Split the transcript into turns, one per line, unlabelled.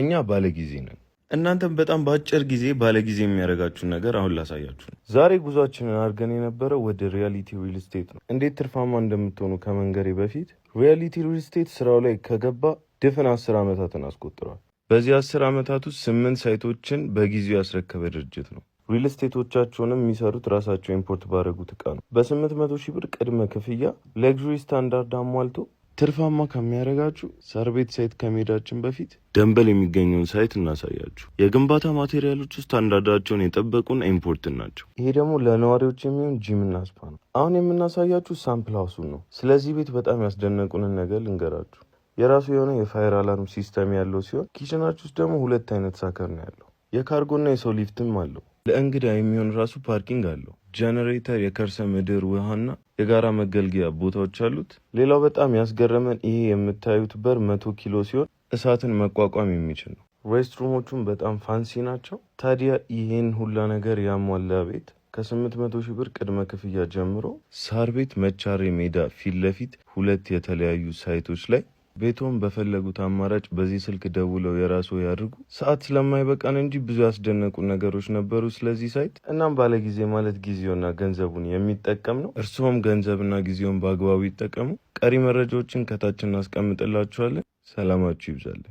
እኛ ባለጊዜ ነን። እናንተም በጣም በአጭር ጊዜ ባለጊዜ የሚያደርጋችሁን ነገር አሁን ላሳያችሁ ዛሬ ጉዟችንን አድርገን የነበረው ወደ ሪያሊቲ ሪል ስቴት ነው። እንዴት ትርፋማ እንደምትሆኑ ከመንገሬ በፊት ሪያሊቲ ሪል ስቴት ስራው ላይ ከገባ ድፍን አስር ዓመታትን አስቆጥሯል። በዚህ አስር ዓመታት ውስጥ ስምንት ሳይቶችን በጊዜው ያስረከበ ድርጅት ነው። ሪል ስቴቶቻቸውንም የሚሰሩት ራሳቸው ኢምፖርት ባደረጉት እቃ ነው። በ መቶ ሺህ ብር ቅድመ ክፍያ ለግዥሪ ስታንዳርድ አሟልቶ ትርፋማ ከሚያደርጋችሁ ሳር ቤት ሳይት ከመሄዳችን በፊት ደንበል የሚገኘውን ሳይት እናሳያችሁ። የግንባታ ማቴሪያሎች ውስጥ አንዳንዳቸውን የጠበቁን ኢምፖርትን ናቸው። ይሄ ደግሞ ለነዋሪዎች የሚሆን ጂምና ስፓ ነው። አሁን የምናሳያችሁ ሳምፕል ሀውሱን ነው። ስለዚህ ቤት በጣም ያስደነቁንን ነገር ልንገራችሁ። የራሱ የሆነ የፋየር አላርም ሲስተም ያለው ሲሆን ኪችናችሁ ውስጥ ደግሞ ሁለት አይነት ሳከር ነው ያለው የካርጎና የሰው ሊፍትም አለው። ለእንግዳ የሚሆን ራሱ ፓርኪንግ አለው። ጀነሬተር፣ የከርሰ ምድር ውሃና የጋራ መገልገያ ቦታዎች አሉት። ሌላው በጣም ያስገረመን ይሄ የምታዩት በር መቶ ኪሎ ሲሆን እሳትን መቋቋም የሚችል ነው። ሬስትሩሞቹም በጣም ፋንሲ ናቸው። ታዲያ ይህን ሁላ ነገር ያሟላ ቤት ከ 800 ሺህ ብር ቅድመ ክፍያ ጀምሮ ሳር ቤት መቻሬ ሜዳ ፊት ለፊት ሁለት የተለያዩ ሳይቶች ላይ ቤቶም በፈለጉት አማራጭ በዚህ ስልክ ደውለው የራሱ ያድርጉ። ሰዓት ስለማይበቃን እንጂ ብዙ ያስደነቁ ነገሮች ነበሩ ስለዚህ ሳይት። እናም ባለጊዜ ማለት ጊዜውና ገንዘቡን የሚጠቀም ነው። እርስዎም ገንዘብና ጊዜውን በአግባቡ ይጠቀሙ። ቀሪ መረጃዎችን ከታች እናስቀምጥላችኋለን። ሰላማችሁ ይብዛለን።